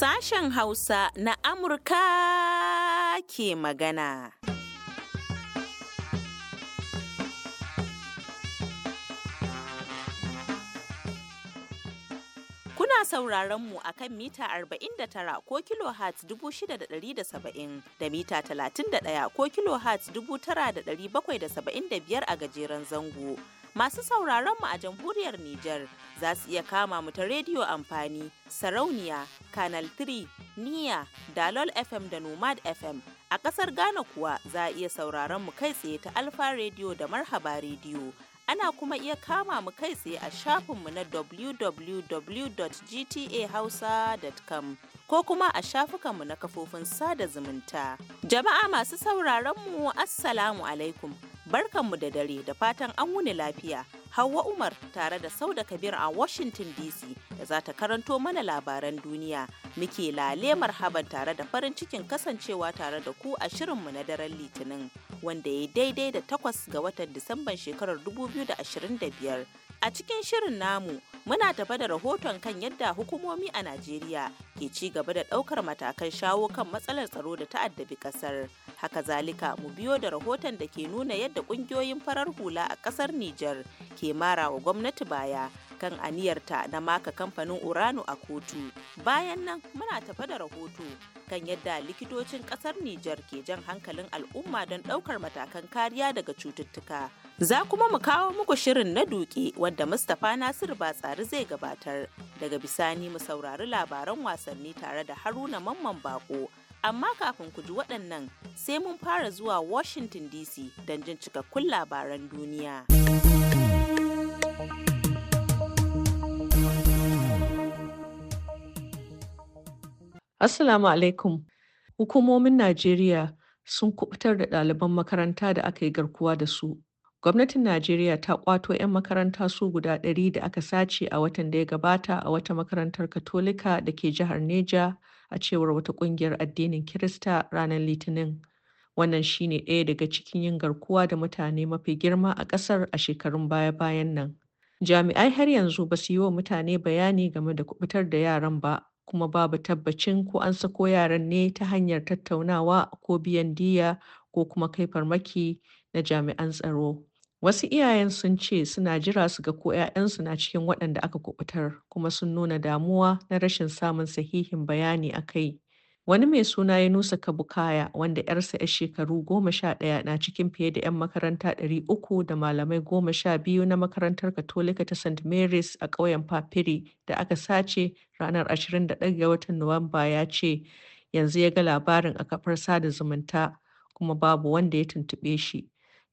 Sashen Hausa na Amurka ke magana. Kuna sauraron mu a kan mita 49 ko kilohertz 6,670 da mita 31 ko kilohertz 9,775 a gajeren zango. Masu sauraron mu a jamhuriyar Nijar za su iya kama mu ta rediyo amfani, sarauniya, Canal 3, Niya, Dalol FM da Nomad FM. A ƙasar Ghana kuwa za a iya sauraron mu kai tsaye ta Alfa Rediyo da Marhaba Rediyo. ana kuma iya kama mu kai tsaye a shafinmu na www.gtahausa.com ko kuma a shafukanmu na kafofin sada zumunta. Jama'a masu sauraron mu Assalamu alaikum Barkanmu da dare da fatan an wuni lafiya. Hauwa Umar tare da Sauda Kabir a Washington DC da za ta karanto mana labaran duniya. Muke lalemar haban tare da farin cikin kasancewa tare da ku a shirinmu na daren Litinin wanda ya daidai da takwas ga watan Disamban shekarar 2025. A cikin shirin namu muna tafa da rahoton kan yadda hukumomi a Najeriya ke ci gaba da ɗaukar matakan shawo kan matsalar tsaro da ta'addabi ƙasar. kasar. Haka zalika mu biyo da rahoton da ke nuna yadda kungiyoyin farar hula a kasar Nijar ke mara wa gwamnati baya kan aniyarta na maka kamfanin Urano a kotu. Bayan nan muna tafa da rahoto kan yadda likitocin kasar Nijar ke jan hankalin al'umma don ɗaukar matakan kariya daga cututtuka. Za kuma mu kawo muku shirin na duke wanda Mustapha Nasir tsari zai gabatar. Daga bisani mu saurari labaran wasanni tare da Haruna Mamman Bako. amma kafin ku ji waɗannan sai mun fara zuwa Washington DC don jin cikakkun labaran duniya. Assalamu alaikum. Hukumomin Najeriya sun kubutar da ɗaliban makaranta da aka yi garkuwa da su. Gwamnatin Najeriya ta kwato 'yan makaranta su guda ɗari da aka sace a watan da ya gabata a wata makarantar Katolika da ke jihar Neja a cewar wata ƙungiyar addinin Kirista ranar Litinin. Wannan shi ne ɗaya daga cikin yin garkuwa da mutane mafi girma a ƙasar a shekarun baya-bayan nan. Jami'ai har yanzu ba su yi wa mutane bayani game da kubutar da yaran ba. kuma babu tabbacin ko an sako yaran ne ta hanyar tattaunawa ko biyan diya ko kuma kai farmaki na jami'an tsaro. Wasu iyayen sun ce suna jira su ga ko 'ya'yansu na cikin waɗanda aka kuɓutar kuma sun nuna damuwa na rashin samun sahihin bayani a kai. Wani mai suna Yunusa Kabukaya, wanda 'yarsa 'yar shekaru goma sha ɗaya na cikin fiye da 'yan makaranta ɗari uku da malamai goma sha biyu na makarantar Katolika ta St. Mary's a ƙauyen Papiri da aka sace ranar 21 ga watan Nuwamba ya ce yanzu ya ga labarin a kafar sada zumunta kuma babu wanda ya tuntuɓe shi.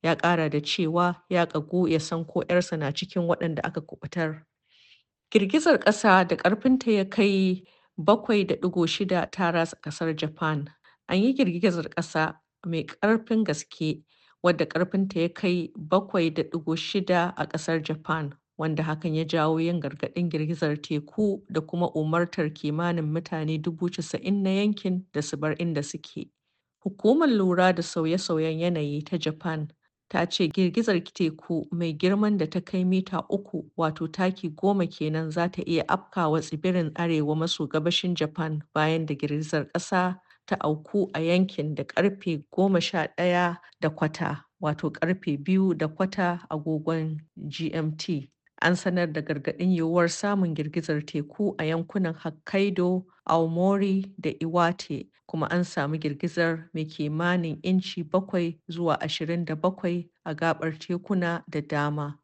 Ya ƙara da cewa ya ƙagu ya san ko 'yarsa na cikin waɗanda aka kuɓutar. Girgizar ƙasa da ƙarfinta ya kai 7.6 ta ratsa ƙasar Japan, an yi girgizar ƙasa mai ƙarfin gaske wadda ƙarfinta ya kai 7.6 a ƙasar Japan, wanda hakan ya jawo yin gargaɗin girgizar teku da kuma umartar kimanin mutane 90,000 na yankin da su bar inda suke. Hukumar Lura da Sauye-sauyen Yanayi ta Japan ta ce girgizar teku mai girman da ta kai mita uku wato taki goma kenan za ta iya afkawa tsibirin arewa maso gabashin Japan bayan da girgizar ƙasa ta auku a yankin da karfe goma sha ɗaya da kwata wato ƙarfe biyu da kwata agogon GMT. an sanar da gargaɗin yiwuwar samun girgizar teku a yankunan Hokkaido, Aomori da Iwate, kuma an samu girgizar mai kimanin inci bakwai zuwa ashirin da bakwai a gabar tekuna da dama.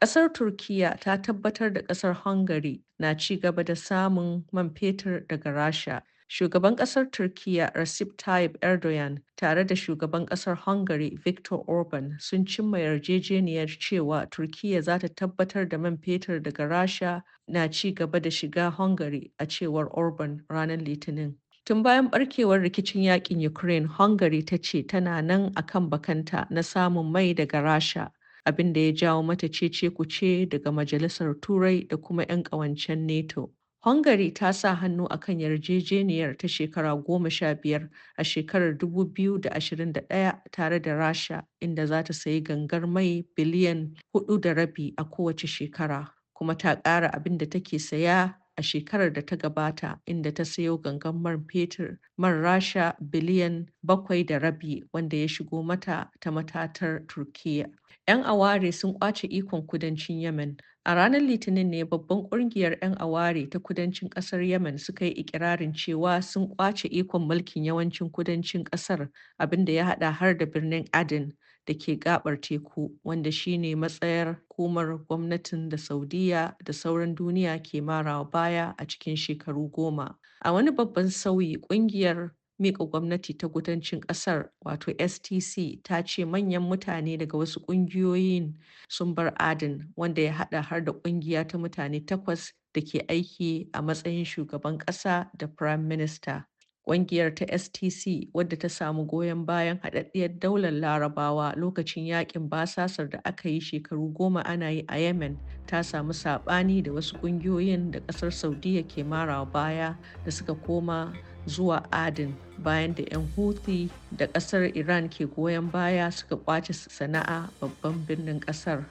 Ƙasar turkiya ta tabbatar da ƙasar Hungary na ci gaba da samun man fetur daga Rasha. shugaban ƙasar Turkiyya Recep Tayyip Erdogan tare da shugaban ƙasar Hungary Victor Orban sun cimma yarjejeniyar cewa Turkiyya za ta tabbatar da man fetur daga Rasha na ci gaba da shiga Hungary a cewar Orban ranar Litinin. Tun bayan barkewar rikicin yakin Ukraine, Hungary ta ce tana nan a kan bakanta na samun mai daga Rasha. abin da ya jawo mata cece kuce daga Majalisar Turai da kuma 'yan ƙawancen NATO. Hungary ta sa hannu a kan yarjejeniyar ta shekara goma sha biyar a shekarar 2021 tare da Rasha inda za ta sayi gangar mai biliyan hudu da rabi a kowace shekara, kuma ta ƙara abin da take saya a shekarar da ta gabata inda ta sayo gangar man fetur man Rasha biliyan bakwai da rabi wanda ya shigo mata ta matatar Turkiyya. 'Yan aware sun kwace ikon kudancin Yemen A ranar Litinin ne babban ƙungiyar 'yan aware ta kudancin ƙasar Yemen suka yi ikirarin cewa sun kwace ikon mulkin yawancin kudancin ƙasar abinda ya haɗa har da birnin Aden da ke gaɓar teku wanda shine matsayar hukumar gwamnatin da Saudiyya da sauran duniya ke marawa baya a cikin shekaru goma. A wani babban sauyi kungiyar. miƙa gwamnati ta gudancin ƙasar wato stc ta ce manyan mutane daga wasu ƙungiyoyin sun bar adin wanda ya haɗa har da ƙungiya ta mutane takwas da ke aiki a matsayin shugaban ƙasa da prime minister Ƙungiyar ta STC wadda ta samu goyon bayan haɗaɗɗiyar daular larabawa lokacin yakin basasar da aka yi shekaru goma ana yi a Yemen ta samu saɓani da wasu ƙungiyoyin da ƙasar Saudiya ke marawa baya da suka koma zuwa adin bayan da 'yan houthi da kasar iran ke goyon baya suka kwace sana'a babban birnin kasar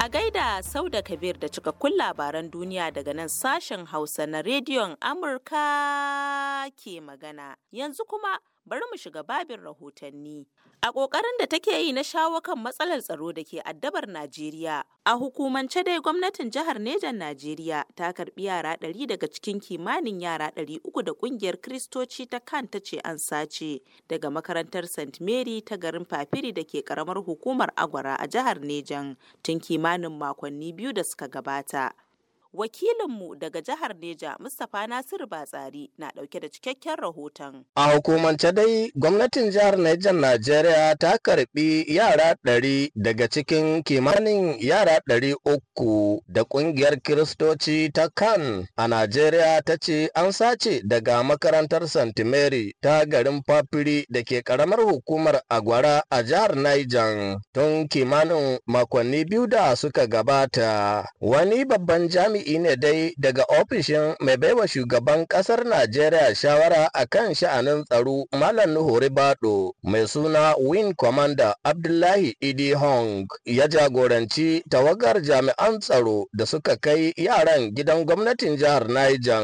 A gaida sau da kabir da cikakkun labaran duniya daga nan sashen Hausa na rediyon Amurka ke magana. Yanzu kuma bari mu shiga babin rahotanni. A ƙoƙarin da take yi na shawo kan matsalar tsaro da ke addabar Najeriya, a hukumance dai gwamnatin jihar Nejan Najeriya ta karbi yara ɗari daga cikin kimanin yara ɗari uku da ƙungiyar Kiristoci ta kanta ce an sace daga makarantar St. Mary ta garin Papiri da ke ƙaramar hukumar Agwara a jihar Nejan tun kimanin makonni biyu da suka gabata. Wakilinmu daga jihar Neja Mustapha Nasiru Batsari na ɗauke da cikakken rahoton. A hukumance dai gwamnatin jihar Neja Najeriya ta karɓi yara ɗari daga cikin kimanin yara ɗari uku da ƙungiyar Kiristoci ta kan a Najeriya ta ce an sace daga makarantar St. Mary ta garin Fafiri da ke ƙaramar hukumar Agwara a jihar Niger tun kimanin makonni biyu da suka gabata. Wani babban jam'i jami'i ne dai daga ofishin mai baiwa shugaban kasar Najeriya shawara a kan sha'anin tsaro Malam Nuhu Ribado mai suna Win Commander Abdullahi Idi Hong ya jagoranci tawagar jami'an tsaro da suka kai yaran gidan gwamnatin jihar Niger.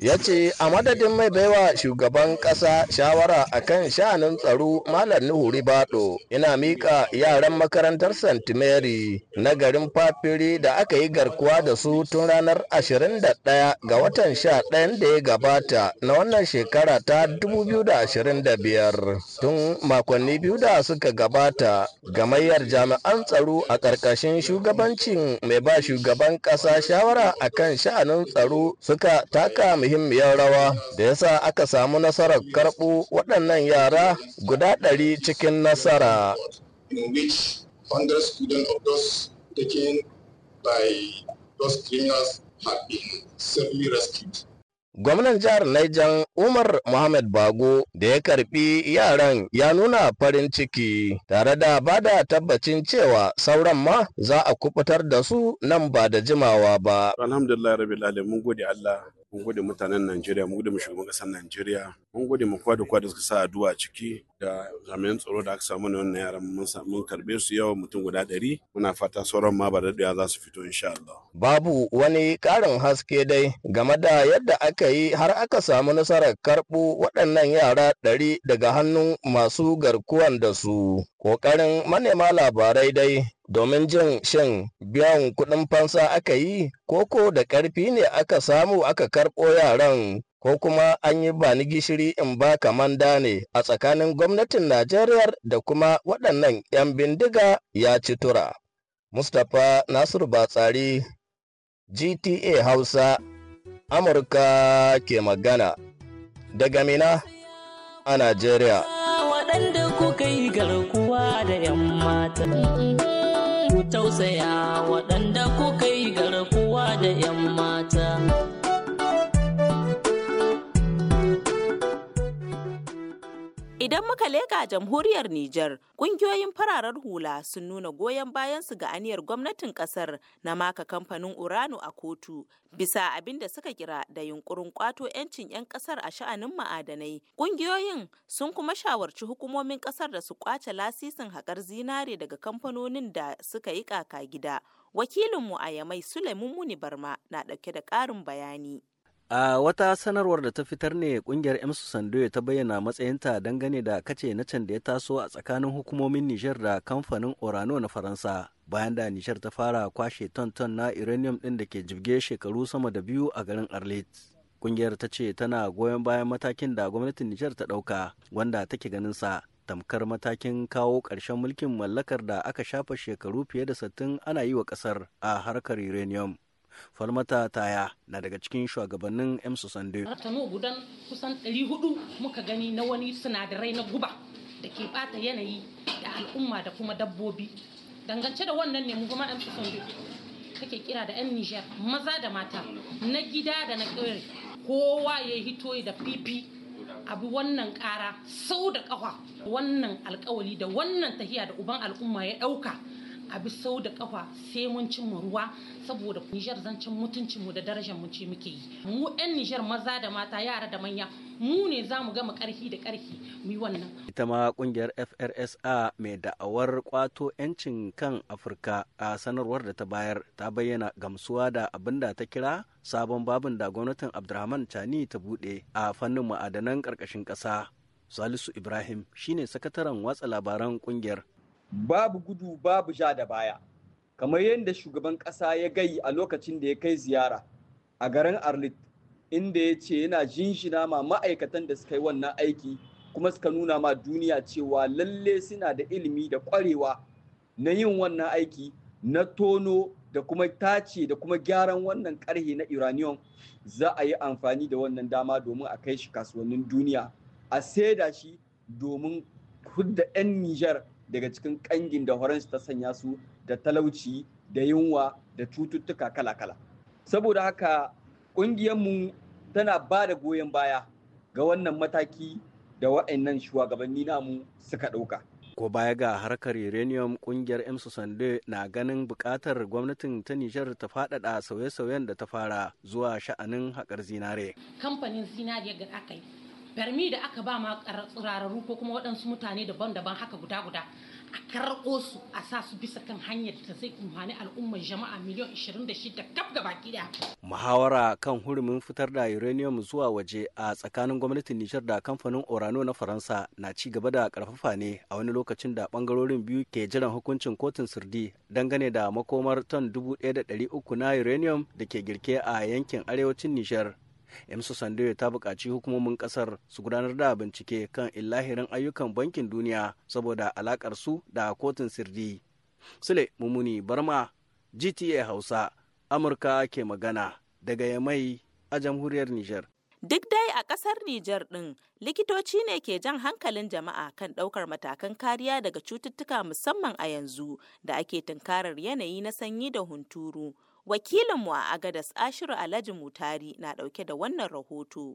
Ya ce a madadin mai baiwa shugaban kasa shawara a kan sha'anin tsaro Malam Nuhu Ribado ina mika yaran makarantar St. Mary na garin Fafiri da aka yi garkuwa da su tun ranar 21 ga watan 11 da ya gabata na wannan shekara ta 2025 tun makonni biyu da suka gabata gamayyar jami'an tsaro a ƙarƙashin shugabancin mai ba shugaban ƙasa shawara a kan sha'anin tsaro suka taka muhimmiyar rawa da yasa aka samu nasarar karɓo waɗannan yara guda ɗari cikin nasara. in which hundreds students of those taken by those criminals have been severely rescued. Gwamnan jihar Niger Umar Muhammad Bago da ya karbi yaran ya nuna farin ciki tare da bada tabbacin cewa sauran ma za a kubutar da su nan ba da jimawa ba. Alhamdulillah rabbil alamin mun gode Allah mun gode mutanen Najeriya mun gode mu shugaban kasar Najeriya mun gode mu kwa da kwa da suka sa addu'a ciki da jami'an tsaro da aka samu wannan yaran mun samu karbe su yau mutum guda ɗari muna fata sauran ma ba daɗewa za su fito insha Allah. Babu wani ƙarin haske dai game da yadda aka yi har aka samu nasarar karɓo waɗannan yara ɗari daga hannun masu garkuwan da su. Ƙoƙarin manema labarai dai domin jin shin biyan kuɗin fansa aka yi koko da ƙarfi ne aka samu aka karɓo yaran ko kuma an yi ba ni gishiri in ba kamanda ne a tsakanin gwamnatin Najeriya da kuma waɗannan 'yan bindiga ya ci tura. Mustapha Nasiru Batsari, GTA Hausa, Amurka ke magana, daga Mina a Najeriya. Waɗanda kuka yi garkuwa da 'yan mata, tausaya waɗanda kuka yi garkuwa. Idan muka leka jamhuriyar Nijar, kungiyoyin fararar hula sun nuna goyon bayansu ga aniyar gwamnatin kasar na maka kamfanin uranu a kotu bisa abin da suka kira da yunkurin kwato 'yancin 'yan kasar a sha'anin ma'adanai. Kungiyoyin sun kuma shawarci hukumomin kasar da su kwace lasisin haƙar zinare daga kamfanonin da suka yi kaka gida. Wakilinmu a Yamai Sulaimun Muni Barma na ɗauke da ƙarin bayani. A wata sanarwar da ta fitar ne kungiyar Emsu Sandoyo ta bayyana matsayinta dangane da kace na can da ya taso a tsakanin hukumomin Nijar da kamfanin Orano na Faransa. Bayan da Nijar ta fara kwashe ton-ton na uranium ɗin da ke jibge shekaru sama da biyu a garin Arlit. Kungiyar ta ce tana goyon bayan matakin da gwamnatin Nijar ta ɗauka wanda take ganin sa tamkar matakin kawo ƙarshen mulkin mallakar da aka shafa shekaru fiye da sattin ana yi wa ƙasar a harkar uranium. falmata taya na daga cikin shugabannin emsu sande ratano gudan kusan 400 muka gani na wani sinadarai na guba da ke bata yanayi da al'umma da kuma dabbobi dangance da wannan ne mu kuma emsu sande ke kira da 'yan nijar maza da mata na gida da na ƙauye kowa ya hito da fifi abu wannan ƙara sau da ƙafa wannan alkawali da wannan tahiya da uban al'umma ya ɗauka abi sau da kafa sai mun cin mu ruwa saboda Nijar zancen mu da darajar mu ce muke yi mu 'yan Nijar maza da mata yara da manya mu ne za mu gama karfi da karfi mu yi wannan. Ita ma kungiyar FRSA mai da'awar kwato 'yancin kan Afirka a sanarwar da ta bayar ta bayyana gamsuwa da abinda ta kira sabon babin da gwamnatin Abdurrahman Chani ta buɗe a fannin ma'adanan ƙarƙashin ƙasa. Salisu Ibrahim shine sakataren watsa labaran kungiyar babu gudu babu ja da baya kamar yadda shugaban ƙasa ya gai a lokacin da ya kai ziyara a garin arlit inda ya ce yana jinjina ma ma'aikatan da suka yi wannan aiki kuma suka nuna ma duniya cewa lalle suna da ilimi da ƙwarewa na yin wannan aiki na tono da kuma tace da kuma gyaran wannan ƙarhe na uranium za a yi amfani da wannan dama domin a kai shi kasuwannin duniya a saida shi domin hudda 'yan Nijar daga cikin kangin da horansu ta sanya su da talauci da yunwa da cututtuka kala-kala saboda haka ƙungiyarmu tana ba da goyon baya ga wannan mataki da wa'annan shugabanni namu suka ɗauka. Ko baya ga harkar uranium ƙungiyar M Sande na ganin bukatar gwamnatin ta Nijar ta faɗaɗa sauye-sauyen da ta fara zuwa sha'anin haƙar zinare. Kamfanin zinare ga aka farmi da aka ba ma tsirararru ko kuma waɗansu mutane daban-daban haka guda-guda a karɓo su a sa su bisa kan hanyar da zai kumfani al'ummar jama'a miliyan 26 kaf gaba ɗaya. Muhawara kan hurumin fitar da uranium zuwa waje a tsakanin gwamnatin Nijar da kamfanin Orano na Faransa na ci gaba da karfafa ne a wani lokacin da bangarorin biyu ke jiran hukuncin kotun sirdi dangane da makomar ton 1,300 na uranium da ke girke a yankin arewacin Nijar. emsu sandoya ta buƙaci hukumomin ƙasar su gudanar da bincike kan illahirin ayyukan bankin duniya saboda alakar su da kotun sirdi sule mumuni barma gta hausa amurka ke magana daga yamai a jamhuriyar niger Duk dai a ƙasar Nijar ɗin, likitoci ne ke jan hankalin jama'a kan ɗaukar matakan kariya daga cututtuka musamman a yanzu da ake tunkarar yanayi na sanyi da hunturu. Wakilinmu a Agadas Ashiru Alhaji Mutari na ɗauke da wannan rahoto.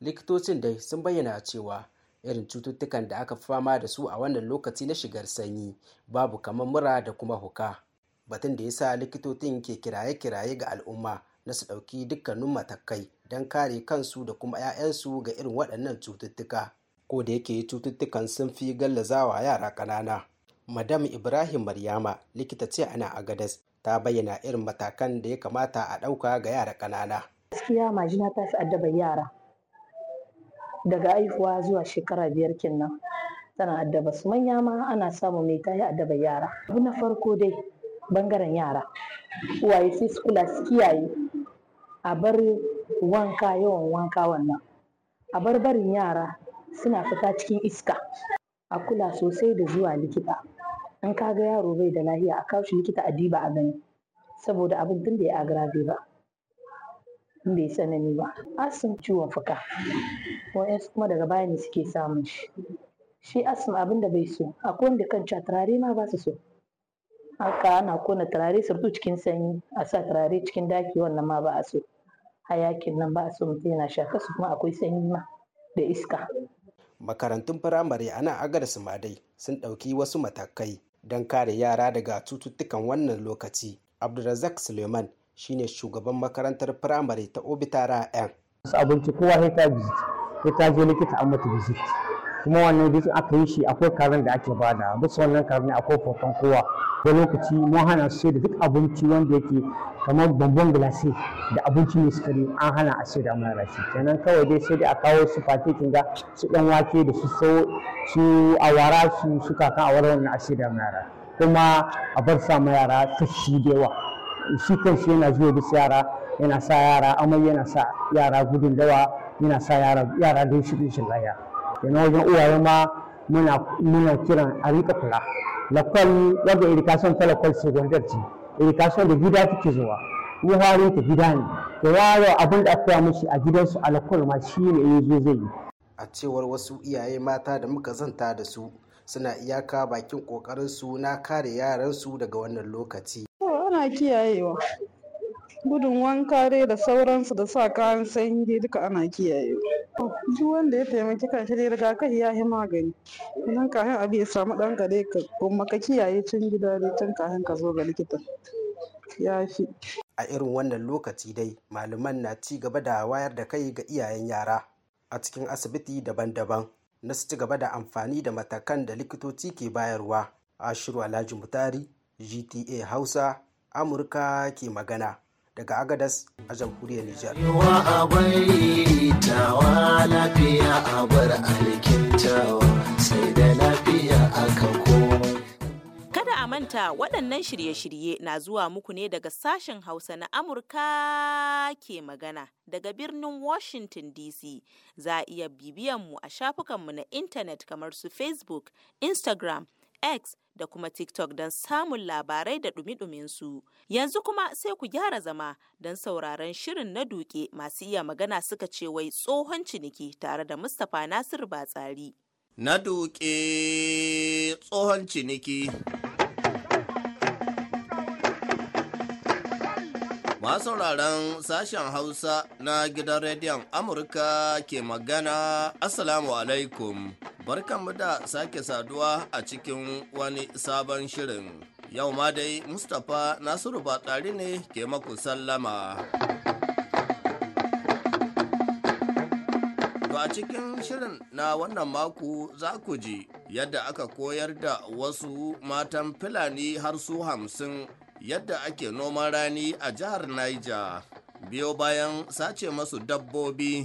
Likitocin dai sun bayyana cewa irin cututtukan da aka fama da su a wannan lokaci na shigar sanyi babu kamar mura da kuma huka. Batun da ya sa likitocin ke kiraye-kiraye ga al'umma na su ɗauki dukkanin matakai don kare kansu da kuma 'ya'yansu ga irin waɗannan cututtuka. Ko da yake cututtukan sun fi gallazawa yara ƙanana. Madam Ibrahim Maryama likita ce ana Agadas ta bayyana irin matakan da ya kamata a ɗauka ga yara ƙanana. Gaskiya majina ta fi addaba yara daga aihuwa zuwa shekara biyar kinnan tana addaba su manya ma ana samu mai ta yi addaba yara. Abu na farko dai bangaren yara uwaye sai su kula su kiyaye a bar wanka yawan wanka wannan a bar barin yara suna fita cikin iska a kula sosai da zuwa likita. in kaga yaro bai da lahiya a kawo shi likita a diba a gani saboda abin din bai agrave ba in bai tsanani ba asim ciwon fuka wa'yansu kuma daga baya ne suke samun shi shi asim abin da bai so akwai wanda kan turare ma ba su so haka ana kona turare surtu cikin sanyi a sa turare cikin daki wannan ma ba a so hayakin nan ba a so mutum yana shaka su kuma akwai sanyi ma da iska makarantun firamare ana agar su madai sun ɗauki wasu matakai don kare yara daga cututtukan wannan lokaci abdulrazak suleiman shine shugaban makarantar firamare ta obitara 'yan abinci kowa ya ta je likita an mata bisit kuma wannan duk aka yi shi akwai karin da ake bada bisa wannan karin akwai fofon kowa da lokaci mun hana su da duk abinci wanda yake kamar bambam gilasi da abinci mai sukari an hana a sai da mun rashi kenan kawai dai sai da a kawo su fatekin ga su dan wake da su so su awara su su kan awara wannan a sai da mana kuma a bar sa ma yara shi da yawa shi yana zuwa bisa yara yana sa yara amma yana sa yara gudun dawa yana sa yara yara don shi bin shi laya yana wajen uwaye ma muna kiran a rika fura lakwal wadda irikasan ta lakwal ce irikasan da gida take zuwa mu ta gida ne da yaro abin da aka mushi a gidansu a lakwal ma shi ne ya zo zai yi a cewar wasu iyaye mata da muka zanta da su suna iyaka bakin kokarin su na kare yaran su daga wannan lokaci ana kiyayewa gudun wanka da sauransu da sa kayan sanyi duka ana kiyayewa duk wanda ya taimaki kanshi dai rigakafi ya yi magani nan kafin abu ya samu ɗan dai ka kuma ka kiyaye cin gida dai tun kafin ka zo ga likita ya fi a irin wannan lokaci dai malaman na ci gaba da wayar da kai ga iyayen yara a cikin asibiti daban-daban na su ci gaba da amfani da matakan da likitoci ke bayarwa ashiru alhaji mutari gta hausa amurka ke magana daga agadas a jamhuriyar nijar kada a manta waɗannan shirye-shirye na zuwa muku ne daga sashen hausa na amurka ke magana daga birnin washington dc za a iya bibiyanmu a shafukanmu na intanet kamar su facebook instagram x da kuma TikTok don samun labarai da dumi su. Yanzu kuma sai ku gyara zama don sauraron shirin na duke masu iya magana suka ce wai tsohon ciniki tare da Mustapha Nasir Batsari. Na duke tsohon ciniki. Masu sauraron sashen Hausa na gidan rediyon Amurka ke magana 'Asalamu alaikum. Barkanmu da sake saduwa a cikin wani sabon shirin. Yau ma dai Mustapha Nasiru Batsari ne ke maku sallama. a cikin shirin na wannan mako za ku ji yadda aka koyar da wasu matan Fulani har su hamsin yadda ake noman rani a jihar Niger biyo bayan sace masu dabbobi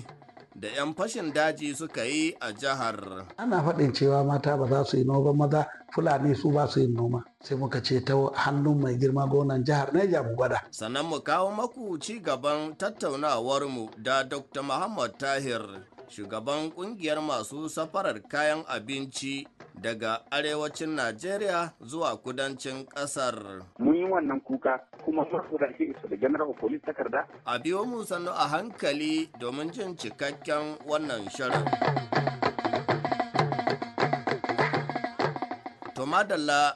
da 'yan fashin daji suka yi a jihar. Ana faɗin cewa mata ba za su yi noma maza Fulani su ba su yin noma. Sai muka ce ta hannun mai girma gonan jihar Niger mu gwada. Sannan mu kawo maku ci gaban tattaunawarmu da Dr. Muhammad Tahir, shugaban kungiyar masu safarar kayan abinci daga arewacin Najeriya zuwa kudancin ƙasar. Mun yi wannan kuka kuma masu da ake isa da general police takarda. A biyo mu sannu a hankali domin jin cikakken wannan shirin. madalla,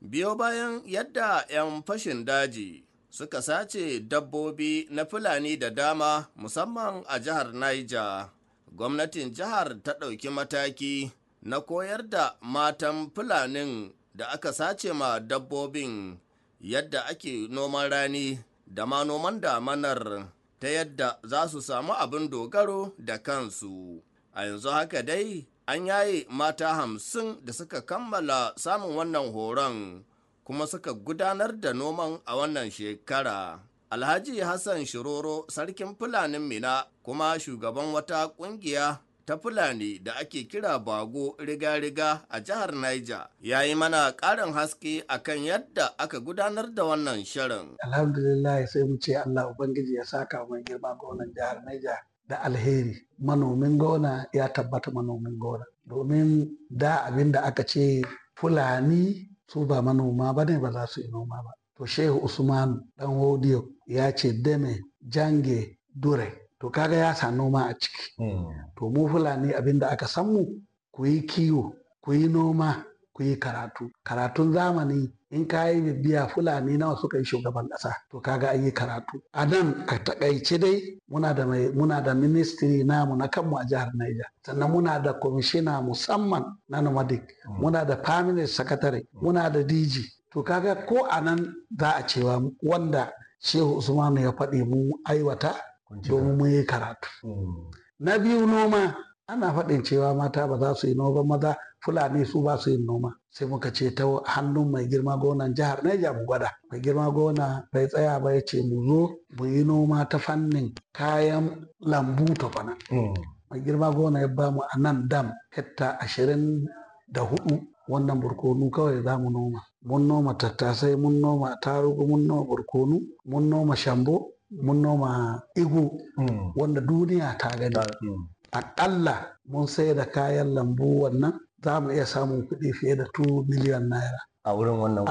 biyo bayan yadda 'yan fashin daji suka sace dabbobi na Fulani da dama musamman a jihar Niger. Gwamnatin jihar ta ɗauki mataki na koyar da matan fulanin da aka sace ma dabbobin yadda ake noman rani da ma noman damanar ta yadda za su samu abin dogaro da kansu a yanzu haka dai an yaye mata hamsin da suka kammala samun wannan horon kuma suka gudanar da noman a wannan shekara alhaji hassan shiroro sarkin fulanin mina kuma shugaban wata ƙungiya. ta Fulani da ake kira Bago riga-riga a jihar Niger ya yi mana ƙarin haske akan yadda aka gudanar da wannan shirin. Alhamdulillah sai mu ce Allah Ubangiji ya saka mai girma gonan jihar Niger da alheri manomin gona ya tabbata manomin gona domin da abin da aka ce Fulani su ba manoma ba ne ba za su yi noma ba. To Shehu usman dan Hodiyo ya ce dame jange dure to kaga ya sa noma a ciki hmm. to mu fulani abin da aka san mu ku yi kiwo ku yi noma ku yi karatu karatun zamani in ka yi bibiya fulani nawa suka yi shugaban ƙasa to kaga ayi karatu a nan a takaice dai muna da ministry namu na kanmu a jihar Niger sannan muna da kwamishina musamman na nomadic hmm. muna da permanent secretary hmm. muna da DG to kaga ko a nan za a cewa wanda Shehu Usman ya faɗi mu aiwata domin mun yi karatu mm. na biyu noma ana faɗin cewa mata ba za su yi noma maza fulani su ba su yin noma sai muka ce ta hannun mai girma gonan jihar Niger mu gwada mai girma gona bai tsaya ba ya ce mu zo mu yi noma ta fannin kayan lambu ta kwana mm. mai girma gona ya ba mu a nan dam hekta ashirin da hudu wannan burkonu kawai za mu noma mun noma tattasai mun noma tarugu mun noma burkonu mun noma shambo mun noma igu hmm. wanda duniya ta gani hmm. aƙalla mun sai da kayan lambu wannan za mu iya samun kuɗi fiye da 2 miliyan naira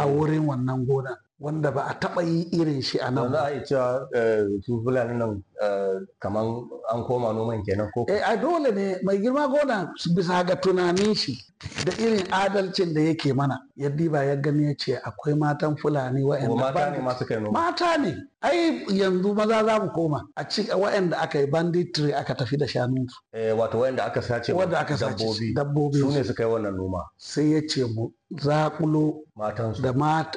a wurin wannan gona wanda ba a taɓa yi irin shi a nan ba. Za a yi cewa eh, su fulani nan eh, kamar an koma noman kenan ko? Eh a dole ne mai girma gona bisa ga tunanin shi da irin adalcin da yake mana. Yaddi ba ya gani ya ce akwai matan fulani wa'anda mata ne masu kai noma. Mata ne. Ai yanzu maza za mu koma a ci wa'anda aka yi banditry aka tafi da su. Eh wato wa'anda aka sace dabbobi. Wanda aka sace dabbobi. Su ne suka yi wannan noma. Sai ya ce mu zaƙulo da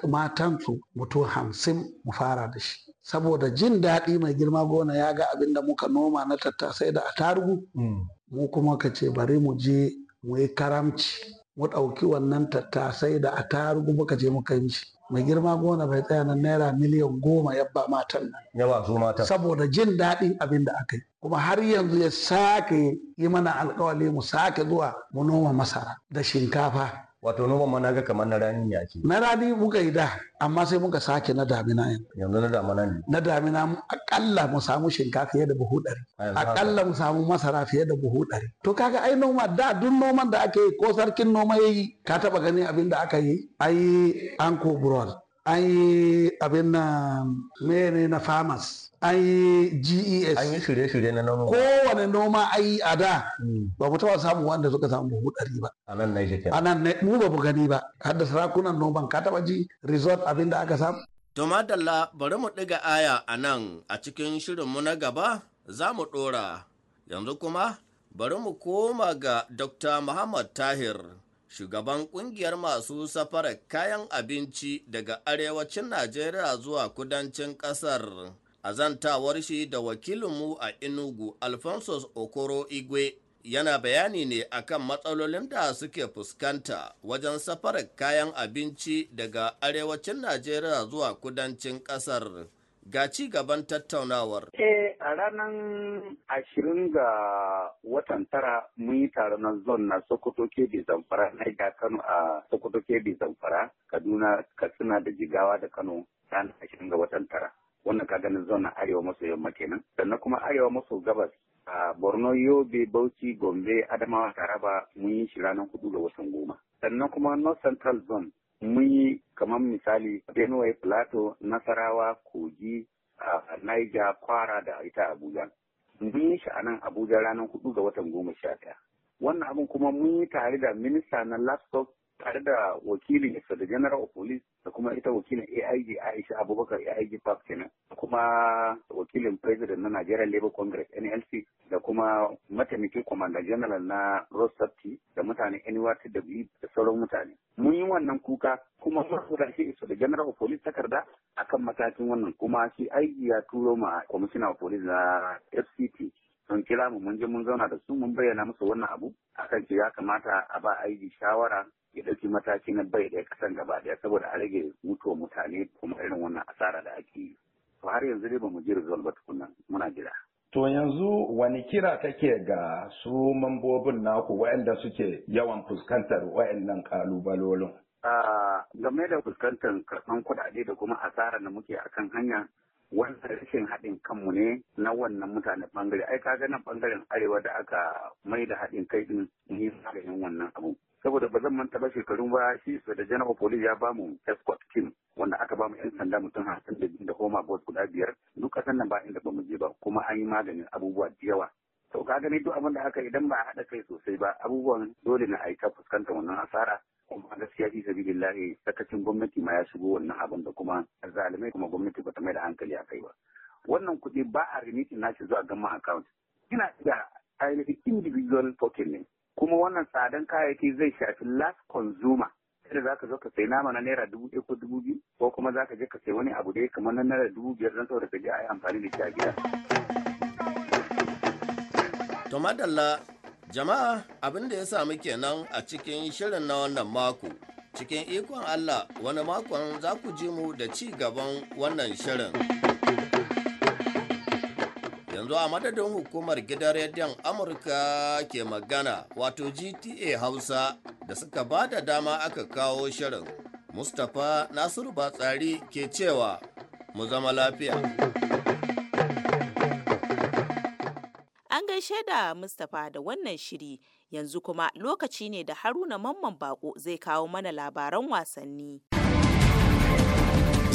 matansu mutu hamsin mu fara da shi saboda jin daɗi mai girma gona ya ga abin da muka noma na tattasai da atarugu mm. mu kuma ka ce bari mu je mu yi karamci mu ɗauki wannan tattasai da atarugu muka je muka yi shi mai girma gona bai tsaya na naira miliyan goma ya ba matan nan su matan saboda jin daɗin abin da aka yi kuma har yanzu ya sake yi mana alkawali mu sake zuwa mu noma masara da shinkafa wato noma ma ga kamar na rani ne ake na rani muka yi da amma sai muka sake na damina yanzu yanzu na damina ne na damina akalla mu samu shinkafa fiye da buhu ɗari akalla mu samu masara fiye da buhu ɗari to kaga ai noma da duk noman da ake yi ko sarkin noma yayi ka taɓa gani abin da aka yi ai an ko an yi abin na mene na farmers an yi ges an yi shirye-shirye na noma kowane noma ayi a da hmm. ba mu taba samu wanda suka samu buhu ɗari ba a nan kenan a nan mu ba mu gani ba har da sarakunan noman ka taba ji resort abin da aka samu to madalla bari mu ɗiga aya a nan a cikin shirinmu na gaba za mu ɗora yanzu kuma bari mu koma ga dr muhammad tahir shugaban kungiyar masu safarar kayan abinci daga arewacin najeriya zuwa kudancin kasar a zantawar shi da wakilinmu a inugu Alphonsus Okoro Igwe yana bayani ne akan matsalolin da suke fuskanta wajen safarar kayan abinci daga arewacin Najeriya zuwa kudancin kasar ga ci gaban tattaunawar. Eh a ranar ashirin ga watan tara mun yi taron na zon na Sokoto Kebbi Zamfara na ga Kano a Sokoto Kebbi Zamfara Kaduna Katsina da Jigawa da Kano ranar ashirin ga watan tara. wannan ka ganin zona arewa maso yamma kenan sannan kuma arewa maso gabas a borno yobe bauchi gombe adamawa taraba mun yi shi ranar hudu ga watan goma sannan kuma north central zone mun yi kamar misali benue plateau nasarawa kogi a niger kwara da ita abuja mun yi shi a nan abuja ranar hudu ga watan goma sha daya wannan abin kuma mun yi tare da minista na laptop tare da wakilin da general of police da kuma ita wakilin AIG Aisha Abubakar AIG Park kenan da kuma wakilin president na Nigerian Labour Congress NLC da kuma mataimakin commander general na Ross da mutane NYTW da sauran mutane. Mun yi wannan kuka kuma masu shi isa da general police takarda akan matakin wannan kuma shi aig ya turo ma commissioner of police na FCT sun kira mu mun je mun zauna da su mun bayyana musu wannan abu akan ce ya kamata a ba aiki shawara ya ɗauki mataki na bai da kasan gaba ɗaya saboda a rage mutuwa mutane kuma irin wannan asara da ake yi to har yanzu dai ba mu ji result ba tukunan muna jira To yanzu wani kira kake ga su mambobin naku waɗanda suke yawan fuskantar waɗannan ƙalubalolin? Game da fuskantar karɓan kuɗaɗe da kuma asara da muke a kan hanya, wannan rashin haɗin kanmu ne na wannan mutane ɓangare. Ai kaga nan ɓangaren arewa da aka mai da haɗin kai ɗin ni yin wannan abu. saboda ba zan manta ba shekarun ba shi da general police ya bamu escort team wanda aka bamu yan sanda mutum hamsin da biyu da homa boss guda biyar duk kasan nan ba inda ba mu je ba kuma an yi maganin abubuwa da yawa to ka gani duk abin da aka idan ba a haɗa kai sosai ba abubuwan dole na aika fuskantar wannan asara kuma gaskiya fi lahi sakacin gwamnati ma ya shigo wannan abin da kuma zalimai kuma gwamnati bata mai da hankali a kai ba wannan kuɗi ba a remitin nashi zuwa gama account ina da ainihin individual token ne kuma wannan tsadan kayayyaki zai shafi last consumer yadda za ka zo ka sayi nama na naira dubu ɗaya ko dubu biyu ko kuma za ka je ka sai wani abu da kamar na naira dubu biyar don saboda ka je a yi amfani da shi a gida. To madalla jama'a abin da ya samu kenan a cikin shirin na wannan mako cikin ikon Allah wani makon za ku ji mu da ci gaban wannan shirin. yanzu a madadin hukumar gidan rediyon amurka ke magana wato gta hausa da suka ba da dama aka kawo shirin mustapha nasiru batsari ke cewa mu zama lafiya an gaishe da mustapha da wannan shiri yanzu kuma lokaci ne da haruna mamman bako zai kawo mana labaran wasanni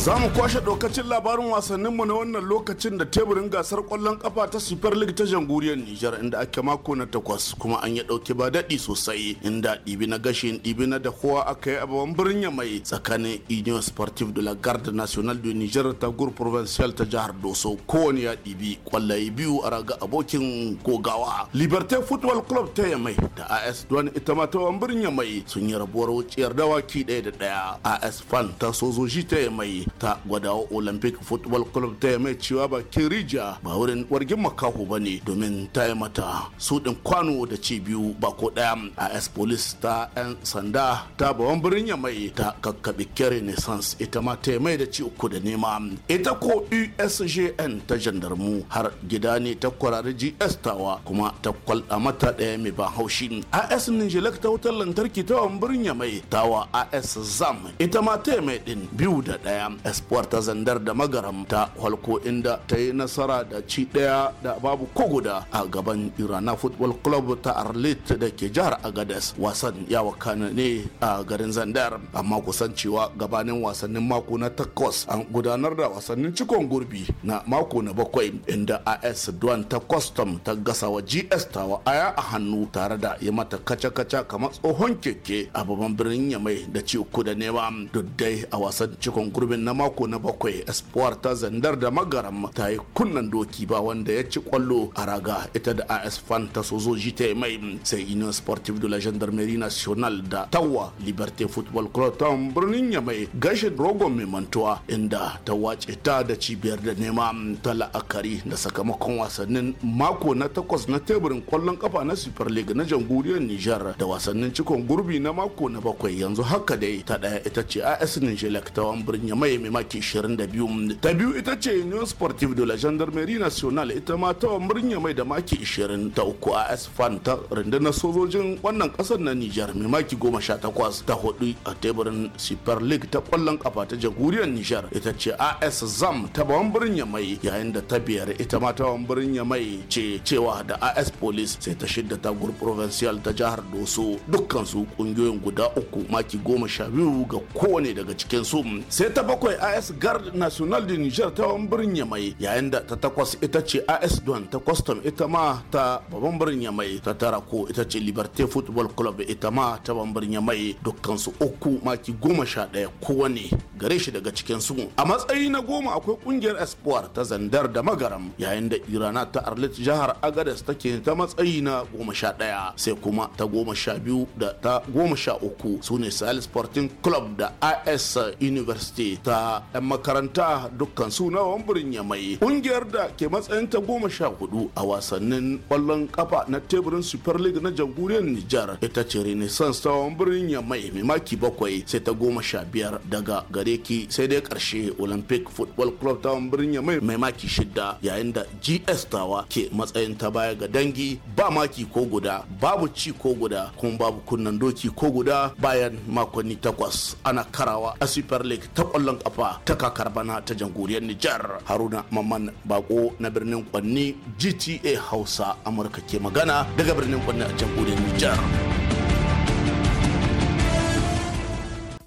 Za mu kwashe dokacin labarin wasanninmu na wannan lokacin da teburin gasar kwallon kafa ta Super League ta jamhuriyar Nijar inda ake mako na takwas kuma an yi ɗauki ba daɗi sosai inda ɗibi na gashin ɗibi na da kowa aka yi a babban birnin mai tsakanin Union Sportive de la Garde Nationale de Nijar ta Gur Provincial ta jihar Doso kowane ya ɗibi kwallaye biyu a raga abokin gogawa. Liberté Football Club ta Yamai da AS don ita ma ta babban ya mai sun yi rabuwar wuciyar dawaki ɗaya da ɗaya AS Fan ta Sozoji ta Yamai ta gwadawa olympic football club ta mai cewa ba kirija ba wurin wargin makaho ba ne domin ta yi mata sudin kwano da ci biyu ba ko daya a s police ta yan sanda ta bawan birnin ya mai ta kakkaɓi renaissance ita ma ta mai da ci uku da nema ita ko usjn ta jandarmu har gida ne ta kwararri gs tawa kuma ta kwalda mata ɗaya mai ban haushi as nijilak ta wutar lantarki ta birnin ya mai tawa as zam ita ma ta mai din biyu da ɗaya espoir ta zandar da magaram ta halko inda ta yi nasara da ci daya da babu ko guda a gaban irana football club ta arlit da ke jihar agades wasan ya wakana ne a garin zandar amma kusan cewa gabanin wasannin mako na takwas an gudanar da wasannin cikon gurbi na mako na bakwai inda as duwan ta custom ta gasa wa gs tawa aya a hannu tare da yi mata kaca-kaca kamar tsohon keke a babban birnin yamai da ci uku da neman duk a wasan cikon gurbin na mako na bakwai espoir ta zandar da magaram ta yi kunnan doki ba wanda ya ci kwallo a raga ita da as fan ta ji ta mai sai union sportive de la gendarmerie nationale da tawa liberté football club ta birnin ya mai gashin rogon mai mantuwa inda ta wace ta da cibiyar da nema ta la'akari da sakamakon wasannin mako na takwas na teburin kwallon kafa na super league na jamhuriyar niger da wasannin cikon gurbi na mako na bakwai yanzu haka dai ta daya ita ce as nijelek ta birnin ya mai mai maki 22 ta biyu ita ce union sportive de la gendarmerie nationale ita ma ta murnya mai da maki 20 ta uku a asfan ta rundunar sojojin wannan kasar na niger. mai maki 18 ta hudu a teburin super league ta kwallon kafa ta jamhuriyar niger. ita ce as zam ta bawan birnin mai yayin da ta biyar ita ma ta bawan birnin mai ce cewa da as police sai ta shidda ta gur provincial ta jihar doso dukkan su kungiyoyin guda uku maki goma 12 ga kowane daga cikin su sai ta bakwai bakwai AS Guard National de Niger ta birnin Yamai yayin da ta takwas ita ce AS Don ta custom ita ma ta babban birnin Yamai ta tara ko ita ce Liberté Football Club ita ma ta birnin Yamai su uku maki goma sha ɗaya kowane gare shi daga cikin su a matsayi na goma akwai kungiyar espoir ta zandar da magaram yayin da irana ta arlet jihar agadas take ta matsayi na goma sha ɗaya sai kuma ta goma sha biyu da ta goma sha uku su ne sahel sporting club da is university ta matasa 'yan makaranta dukkan su na wamburin yamai ƙungiyar da ke matsayin ta goma sha hudu a wasannin kwallon kafa na teburin super league na jamhuriyar nijar ita ce renaissance ta wamburin yamai mai maki bakwai sai ta goma sha biyar daga gareki sai dai karshe olympic football club ta wamburin yamai mai maki shida yayin da gs tawa ke matsayin ta baya ga dangi ba maki ko guda babu ci ko guda kuma babu kunnan doki ko guda bayan makonni takwas ana karawa a super league ta kafa. kafa ta kakar bana ta jamhuriyar Nijar Haruna Mamman Bako na birnin Kwanni GTA Hausa Amurka ke magana daga birnin Kwanni a jamhuriyar Nijar.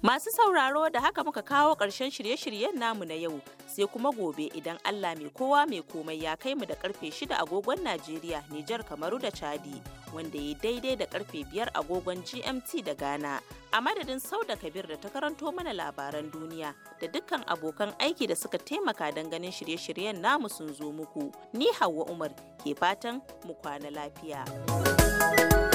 Masu sauraro da haka muka kawo ƙarshen shirye-shiryen namu na yau sai kuma gobe idan Allah mai kowa mai komai ya kai mu da karfe 6 agogon Najeriya, Nijar, Kamaru da Chadi, wanda ya daidai da karfe 5 agogon GMT da Ghana. A madadin da Kabir da ta karanto mana labaran duniya da dukkan abokan aiki da suka taimaka don ganin shirye-shiryen namu sun zo muku. Ni Hauwa Umar ke fatan mu kwana lafiya.